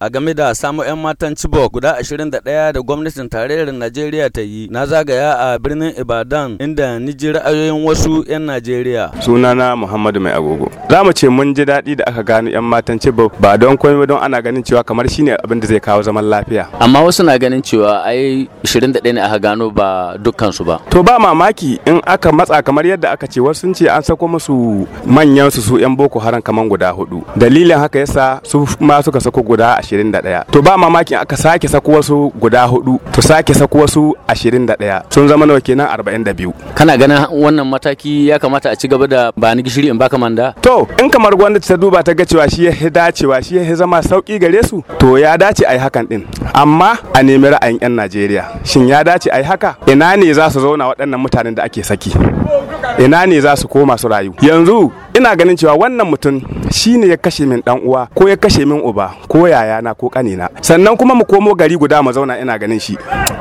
a game da samu 'yan matan cibo guda 21 da gwamnatin tarayyar Najeriya ta yi na zagaya a birnin Ibadan inda ni ji ra'ayoyin wasu 'yan Najeriya. Sunana Muhammadu Mai Agogo. Za mu ce mun ji daɗi da aka gano 'yan matan cibo ba don komai don ana ganin cewa kamar shine abin da zai kawo zaman lafiya. Amma wasu na ganin cewa ai 21 ne aka gano ba dukkan su ba. To ba mamaki in aka matsa kamar yadda aka ce wasu sun ce an sako musu manyan su su 'yan Boko Haram kamar guda hudu. Dalilin haka yasa su ma suka sako guda 21 to ba mamakin aka sake sako wasu guda hudu to sake sako wasu 21 sun zama nawa kenan 42 kana ganin wannan mataki ya kamata a ci gaba da ba ni gishiri in baka manda to in kamar gwamnati ta duba ta ga cewa shi ya dacewa shi ya zama sauki gare su to ya dace a yi hakan din amma a nemi ra'ayin 'yan najeriya shin ya dace a yi haka ina ne za su zauna waɗannan mutanen da ake saki ina ne za su koma su rayu yanzu ina ganin cewa wannan mutum shine ya kashe min dan uwa ko ya kashe min uba ko yaya na ko kanina sannan kuma mu komo gari guda mu zauna ina ganin shi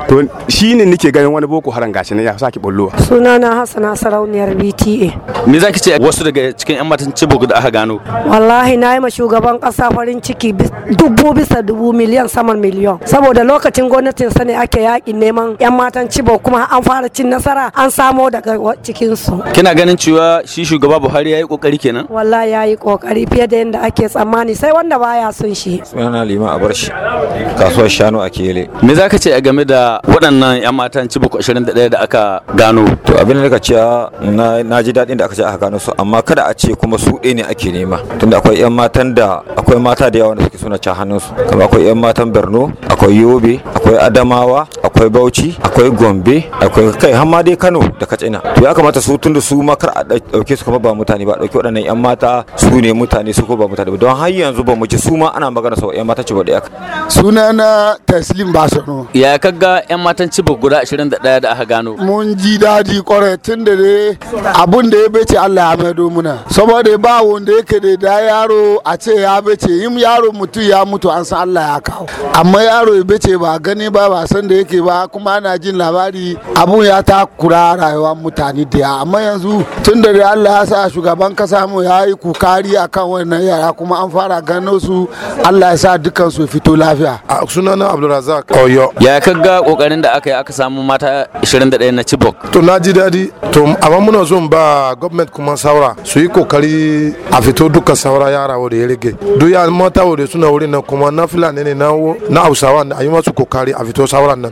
to shine nike ganin wani boko haran gashi ne ya saki Suna sunana hasana sarauniyar BTA me zaki ce wasu daga cikin yan matan cibo da aka gano wallahi na yi ma shugaban kasa farin ciki dubu bisa dubu miliyan saman miliyan saboda lokacin gwamnatin sani ake yaƙi neman yan matan cibo kuma an fara cin nasara an samo daga cikin su kina ganin cewa shi shugaba buhari ya yi kokari kenan walla ya yi kokari fiye da yadda ake tsammani sai wanda baya son shi sunana lima a bar shi kasuwar shanu a kele me za ka ce a game da waɗannan yan matan cibok 21 da aka gano to abin da ka ce na ji daɗin da aka ce aka gano su amma kada a ce kuma su ɗaya ne ake nema tunda akwai yan matan da akwai mata da yawa da suke suna ca hannunsu kamar akwai yan matan borno akwai yobe akwai adamawa akwai bauchi akwai gombe akwai kai har ma dai kano da katsina to ya kamata su tunda su ma kar a dauke su kuma ba mutane ba dauke waɗannan yan mata su ne mutane su ko ba mutane ba don har yanzu ba mu ji su ma ana magana sau yan mata ci ba da suna na taslim basano ya kaga yan matan ci guda 21 da aka gano mun ji dadi kwarai tun da ne abun da ya bace Allah ya maido muna saboda ba wanda yake da da yaro a ce ya bace yim yaro mutu ya mutu an san Allah ya kawo amma yaro ya bace ba gani ba ba san da yake ba kuma ana jin labari abu ya ta kura rayuwa mutane da ya amma yanzu tun da Allah ya sa shugaban kasa mu ya yi kukari kan wannan yara kuma an fara gano su Allah ya sa dukkan su fito lafiya a sunana Abdulrazak Oyo ya ga kokarin da aka yi aka samu mata 21 na Chibok to na ji dadi to amma muna zo ba gwamnati kuma saura su yi kokari a fito duka saura yara wanda ya rage duk ya mata wanda suna wurin nan kuma na fila ne na Hausawa a yi masu kokari a fito sauran nan